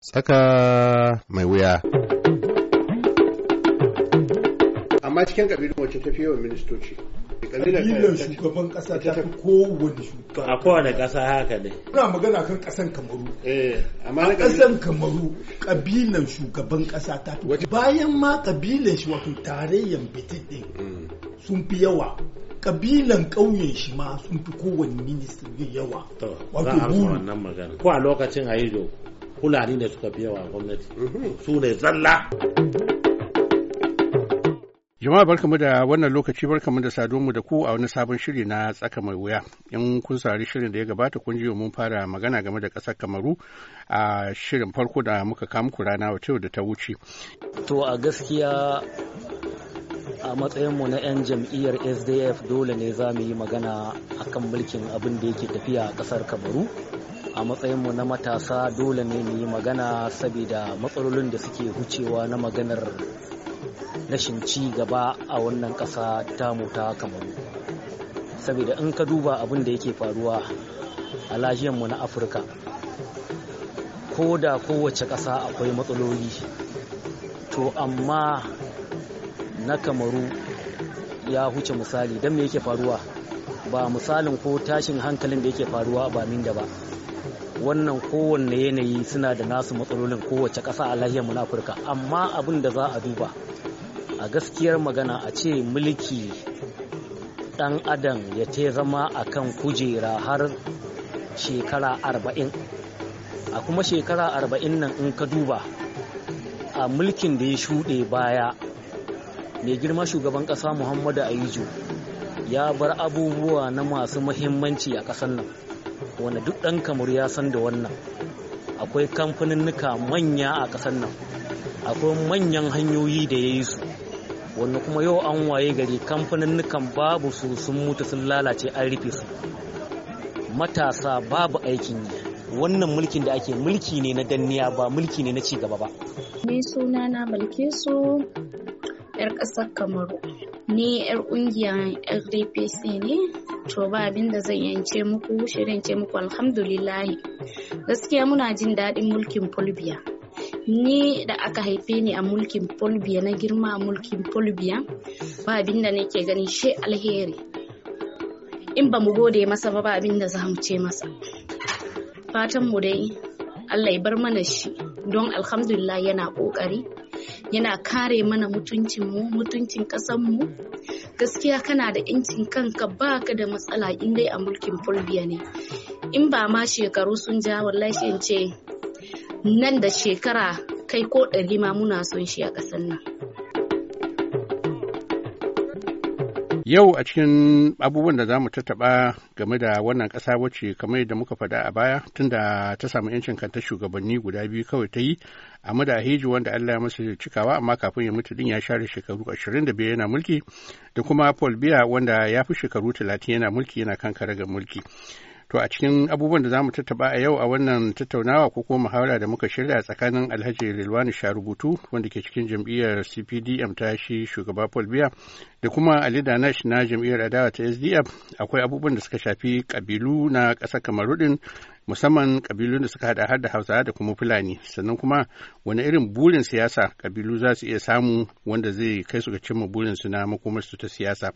Tsaka mai wuya. Amma cikin kabilu wacce ta fi yawan ministoci. Kabilar shugaban kasa ta fi kowane shugaban. A kowane kasa haka ne. Muna magana kan kasan Kamaru. Eh, a kasan Kamaru kabilan shugaban kasa ta fi. Bayan ma kabilan shi wato tarayyan Benin din hmm. sun fi yawa. kabilan ƙauyen shi ma sun fi kowane ministan yawa. Wato buru. Ko a lokacin a yi fulani ne suka fi yawa gwamnati mhm. su ne zalla Jama'a barkamu da wannan lokaci barkamu da mu da ku a wani sabon shiri na tsaka mai wuya. In kun saurari shirin da ya gabata kun ji mun fara magana game da ƙasar Kamaru a shirin farko da muka kama ku rana wata da ta wuce. To a gaskiya a matsayinmu na 'yan jam'iyyar SDF dole ne za mu yi magana akan mulkin abin da yake tafiya a ƙasar Kamaru. a matsayinmu na matasa dole ne mu yi magana saboda matsalolin da suke hucewa na maganar rashin ci gaba a wannan ƙasa ta mota kamaru saboda in ka duba abin da yake faruwa a lahiyanmu na afirka ko da kowace ƙasa akwai matsaloli to amma na kamaru ya huce misali don me yake faruwa ba misalin ko tashin hankalin da yake faruwa ba min da ba wannan kowanne yanayi suna da nasu matsalolin kowace ƙasa a lahiyar mu afirka amma abin da za a duba a gaskiyar magana a ce mulki dan adam ya ce zama a kan kujera har shekara arba'in a kuma shekara arba'in nan in ka duba a mulkin da ya shuɗe baya mai girma shugaban ƙasa muhammadu ayiju ya bar abubuwa na masu muhimmanci a ƙasar nan wanda duk ɗan kamar ya san da wannan akwai kamfanin kamfaninnika manya a ƙasar nan akwai manyan hanyoyi da ya yi su wanda kuma yau an waye gari kamfanin kamfaninnikan babu su sun mutu sun lalace an rufe su matasa babu aikin yi wannan mulkin da ake mulki ne na danniya ba mulki ne na ci ba ne suna na mulki su yar ƙasar kamaru ni yar ƙungiyar rdpc ne to ba abinda zan yance muku shirin ce muku alhamdulillahi gaskiya muna jin daɗin mulkin Fulbiya ni da aka haife ni a mulkin Fulbiya na girma a mulkin Fulbiya ba abinda ne ke gani she alheri in ba mu gode masa ba abinda za mu ce masa fatan mu dai Allah ya bar mana shi don alhamdulillah yana kokari yana kare mana mutuncin mu, mutuncin kasan mu. gaskiya kana da incin kanka ka da matsala in dai a mulkin fulbiya ne in ba ma shekaru sun ja wallahi in ce nan da shekara kai ko ɗari ma muna son shi a ƙasar nan Yau a cikin abubuwan da za mu tattaba game da wannan ƙasa wacce kamar da muka faɗa a baya tunda ta samu 'yancin kanta shugabanni guda biyu kawai ta yi a da wanda Allah ya masa cikawa amma kafin ya mutu din ya share shekaru 25 yana mulki da kuma Paul Biya wanda ya fi shekaru 30 yana mulki yana kan karagar mulki. To a cikin abubuwan da za mu tattaba a yau a wannan tattaunawa ko kuma muhawara da muka shirya tsakanin Alhaji Rilwani Sharubutu wanda ke cikin jam'iyyar CPDM ta shi shugaba Paul Biya da kuma Ali Danash na jam'iyyar adawa ta SDF akwai abubuwan da suka shafi kabilu na ƙasar Kamaru musamman kabilu da suka hada har da Hausa da kuma Fulani sannan kuma wani irin burin siyasa kabilu za su iya samu wanda zai kai su ga cimma burin su na makomarsu ta siyasa.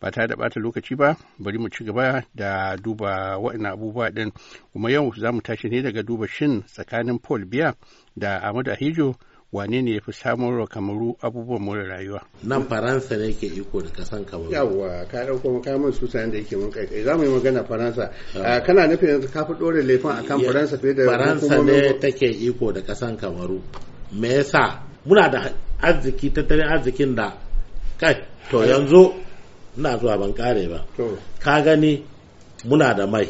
ba ta da bata lokaci ba bari mu ci gaba da duba waɗannan abubuwa din kuma yau za mu tashi ne daga duba shin tsakanin paul biya da amadu ahijo wane ne ya fi samun kamaru abubuwan more rayuwa nan faransa ne ke iko da kasan kamaru yawwa ka dauko su sayan da yake mun kai za mu yi magana faransa ah, kana nufin yanzu ka fi dore laifin akan faransa fiye da faransa ne take iko da kasan kamaru me yasa muna da arziki tattalin arzikin da kai to yanzu ina zuwa ban kare ba ka gani muna da mai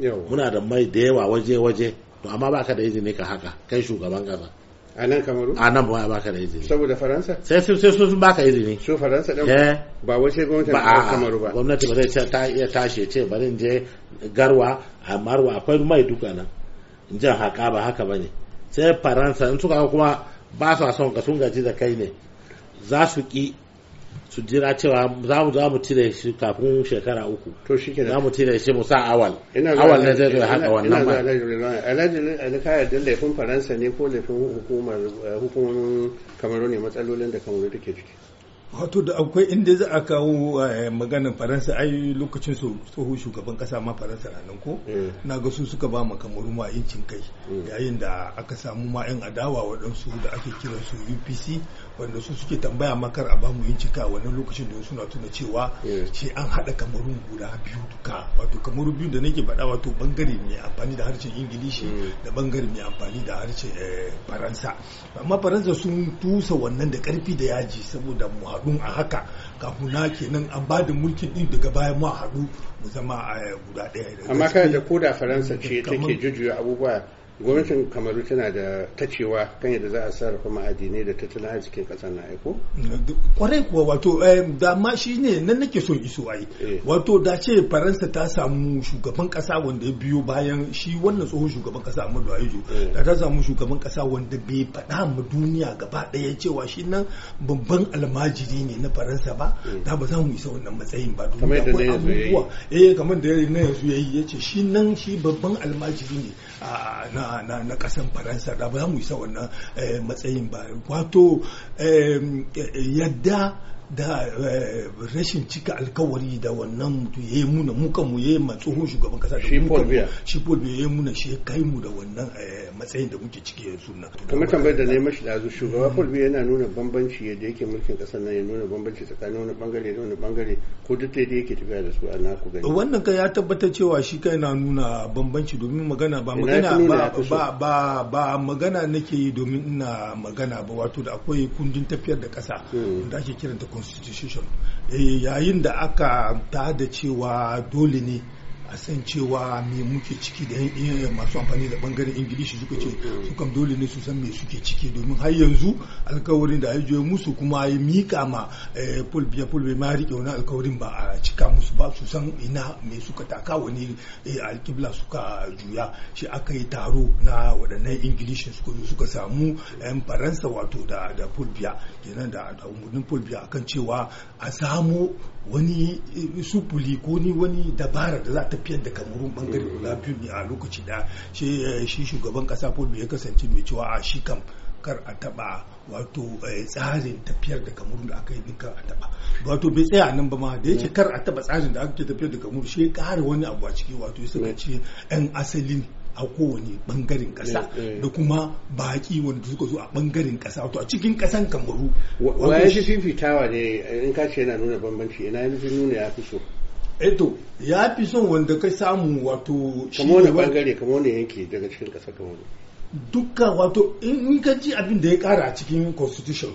muna da mai da yawa waje-waje to amma baka da izini ka haka kai shugaban kasa a nan kamaru a nan ba baka da izini saboda faransa sai su sai sun baka izini su faransa din eh. ba wace gwamnati ba kamaru ba gwamnati ba zai ce ta iya tashi ce bari je garwa a marwa akwai mai duka nan in jan haka ba haka bane sai faransa in suka kuma ba sa son ka sun gaji da kai ne za su ki su jira cewa za mu mu cire shi kafin shekara uku to shi za mu cire shi mu sa awal awal ne zai zai haɗa wannan ba alhaji alkaya da laifin faransa ne ko laifin hukumar eh, hukumomin kamaru ne matsalolin da kamaru take ciki wato da akwai inda za a kawo eh, maganin faransa ai lokacin su tsoho shugaban kasa ma faransa na nan ko eh. na ga su suka ba ma kamaru ma yancin kai mm. yayin da aka samu ma yan adawa waɗansu da ake kiransu upc wanda su suke tambaya makar a bamu bincika a wannan lokacin da suna tuna cewa ce an haɗa kamarun guda biyu duka wato kamaru biyu da nake faɗa wato bangare mai amfani da harshen ingilishi mm. da bangare mai amfani da harshen eh, faransa amma faransa sun tusa wannan da karfi da yaji saboda mu haɗu a haka kafuna kenan an ba da mulkin din daga baya mu haɗu mu zama eh, guda ɗaya amma kan da koda faransa ce take jujuya abubuwa gwamnatin kamaru tana da ta cewa kan yadda za a sarrafa ma'adinai da tattalin arzikin kasar na aiko kwarai kuwa wato eh, da ma shi ne nan nake son iso ai eh. wato da ce faransa ta samu shugaban kasa wanda ya biyo bayan shi wannan tsohon shugaban kasa Ahmadu Ahijo eh. da ta samu shugaban kasa wanda bai faɗa ma duniya gaba ɗaya cewa shi nan babban almajiri ne na faransa ba da ba za mu isa wannan matsayin ba duniya akwai abubuwa eh kamar da na yanzu yayi yace shi nan shi babban almajiri ne na na na kasan faransa da ba za mu isa wannan eh, matsayin ba wato eh, eh, yadda da eh, rashin cika alkawari da wannan mutu ya yi muna muka mu ya yi matsohon shugaban kasa da mukan shi Paul Biya ya muna shi ya kai mu da wannan eh, matsayin da muke ciki yanzu na. Kamar tambayar da na yi mashi da azu shugaba Paul Biya yana nuna bambanci yadda yake mulkin kasar nan ya nuna bambanci tsakanin wani bangare da wani bangare ko duk da yake tafiya da su a naku gani. Wannan ka ya tabbatar cewa shi kai na nuna bambanci domin magana ba magana ba ba ba magana nake yi domin ina magana ba wato da akwai kundin tafiyar da kasa hmm. da ake kiranta constitution eh, yayin da aka ta da cewa dole ne a san cewa me muke ciki da yan masu amfani da bangaren ingilishi suka ce su kam dole ne su san me suke ciki domin har yanzu alkawarin da ya musu kuma ya mika ma eh, paul biya paul bai ma rike wani alkawarin ba a cika musu ba su san ina me suka taka wani eh, alkibla suka juya shi aka yi taro na waɗannan ingilishi suka zo suka samu yan faransa wato da da paul biya kenan da umarnin paul biya akan cewa a samo wani eh, supuli ko ni wani dabara da za ta fiyar da kamarun bangare guda mm. biyu ne a lokaci da eh, shi shugaban kasa fulbe ya kasance mai cewa a shi kam kar a taba wato eh, tsarin tafiyar da kamar da aka yi kar a taba wato bai tsaya nan ba ma da yake mm. kar a taba tsarin da aka tafiyar da kamar shi ya kare wani abu a ciki wato ya saka mm. ce yan asalin a kowane bangaren kasa eh, eh. da kuma baki wanda suka zo a bangaren kasa wato a cikin kasan kamaru wa ya fi fifitawa ne in ka ce yana nuna bambanci ina ya fi nuna ya fi so eto eh ya fi son wanda ka samu wato shi kamar wani bangare kamar wani yanki daga cikin kasa kamaru dukkan wato in ka ji abin da ya kara a cikin constitution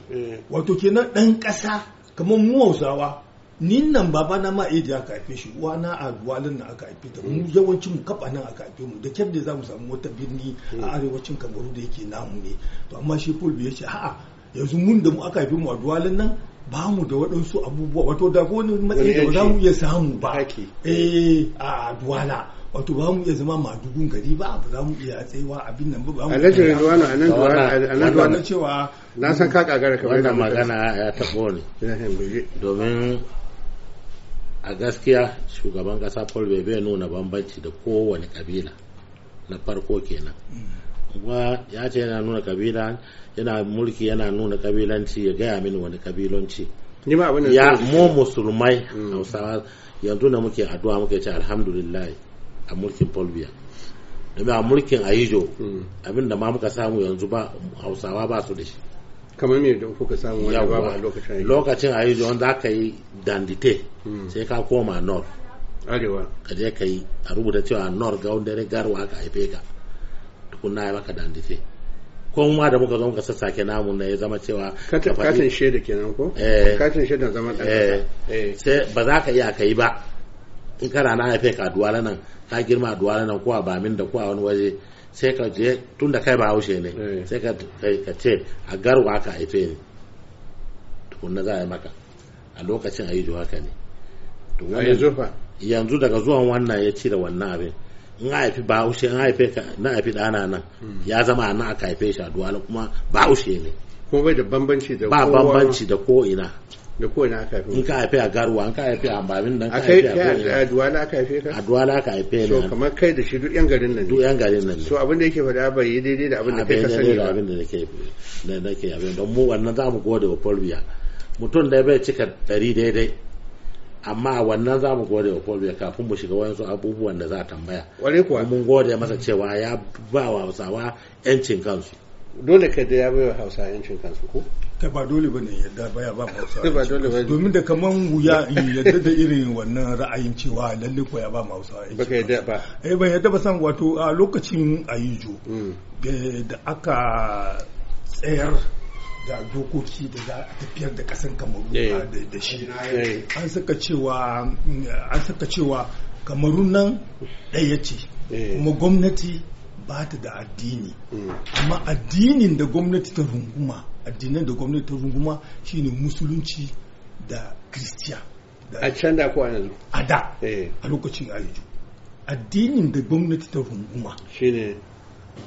wato kenan dan kasa kamar mu hausawa ninnan nan baba na ma idi aka haife shi wa na a gwalin na aka haife ta mu mm. yawancin mu kafa nan aka haife mu da kyar da mu samu wata birni a mm. arewacin kamaru da yake namu ne to amma shi fulbi ya ce a'a yanzu mun da mu aka haife mu a duwalin nan ba mu da waɗansu abubuwa wato da ko wani matsayi da ba za mu iya samu ba eh a duwala wato ba mu iya zama madugun gari ba ba za mu iya tsayawa abin nan ba ba mu alhaji rizwanu a nan duwala na cewa na san ka kagara kamar da magana ya taɓo ne domin a gaskiya shugaban kasa paul bai nuna bambanci da kowane kabila na farko kenan kuma ya ce yana nuna kabila yana mulki yana nuna kabilanci ya gaya mini wani kabilanci ya mu musulmai mm. hausawa yanzu da muke addu'a muke ce alhamdulillah a mulkin paul biya domin a mulkin ayijo mm. abinda ma muka samu yanzu ba hausawa ba su da shi kamar me da kuka samu wani babu a lokacin lokacin a yi da aka yi dandite hmm. sai ka koma nor arewa ka je ka yi a rubuta cewa nor gaundare garwa aka haife ka tukunna ya maka dandite ko ma da muka zo muka sassake namu na ya zama cewa katin shaida kenan ko eh. katin shaida zama dan eh. eh sai ba za ka iya ka yi ba in kana na haife ka a duwala nan ka girma a duwala nan ko a bamin da ko a wani waje sai ka je tunda kai ba haushe ne eh. sai ka ka ce a garwa ka haife ni tukunna za a yi maka a lokacin a yi jo haka ne yanzu daga zuwan wannan ya cire wannan abin in haifi haushe in haife na haifi dana nan hmm. ya zama a nan aka haife shi a duwala kuma haushe ne ko bai da bambanci da ba bambanci da ko ina da ko aka haife in ka haife a garuwa in ka haife a babin dan ka haife a duwala aka haife ka a duwala aka haife ne so kamar kai da shi duk yan garin nan duk yan garin nan so abin da yake faɗa bai yi daidai da abin da kai ka sani ba abin da nake da nake abin don mu wannan zamu gode wa Fulbiya mutum da bai cika ɗari daidai amma wannan za mu gode wa Fulbiya kafin mu shiga wasu abubuwan da za a tambaya ware kuwa mun gode masa cewa ya ba wa Hausawa yancin kansu dole ka da ya bai wa Hausawa yancin kansu ko kai ba dole ne yadda baya ba ya ba dole domin da kaman wuya in yadda da irin wannan ra'ayin cewa lalle ko ya ba hausa ba ka yadda ba eh ban yadda ba san wato a lokacin ayijo hmm. eh, da aka tsayar da dokoki da za a tafiyar da kasan kamaru eh. da shi eh. an saka cewa an kamaru nan ɗaya ce kuma gwamnati ba ta da addini hmm. amma addinin da gwamnati ta runguma addinan da gwamnati ta runguma shine musulunci da kristiya a can da kuwa yanzu a da eh. a lokacin ayyuju addinin da gwamnati ta runguma shine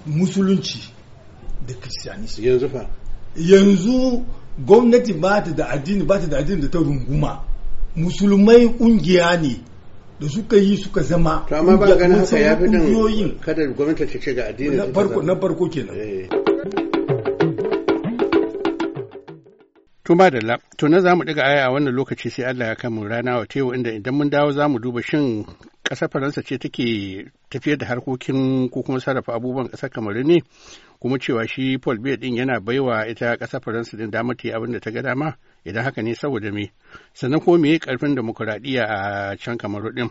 musulunci da kristiyanisi yanzu fa yanzu gwamnati ba ta da addini ba ta da addini da ta runguma musulmai kungiya ne da suka yi suka zama to amma ba ganin haka ya fi din kada gwamnati ta ce ga addini na farko kenan eh. tuma da la to na zamu ɗiga aya a wannan lokaci sai Allah ya kama rana wa tewo inda idan mun dawo zamu duba shin ƙasar Faransa ce take tafiyar da harkokin ko kuma sarrafa abubuwan ƙasar kamar ne kuma cewa shi Paul Biya din yana baiwa ita ƙasar Faransa din damar ta yi abin da ta ga dama idan haka ne saboda me sannan ko me karfin demokuraɗiyya a can kamar din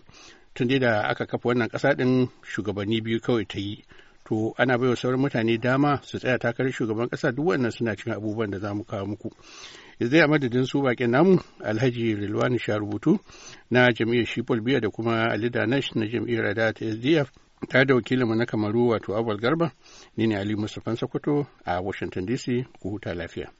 tun da aka kafa wannan ƙasa din shugabanni biyu kawai ta yi to ana baiwa sauran mutane dama su tsaya takarar shugaban kasa duk wannan suna cikin abubuwan da za mu kawo muku. Zai a madadin su bakin namu alhaji rilwani sha rubutu na jam'iyyar shipol biya da kuma ali nash na jam'iyyar da ta sdf ta da wakilinmu na kamaru wato abuwal garba ni ne ali mustapha sokoto a washington dc ku huta lafiya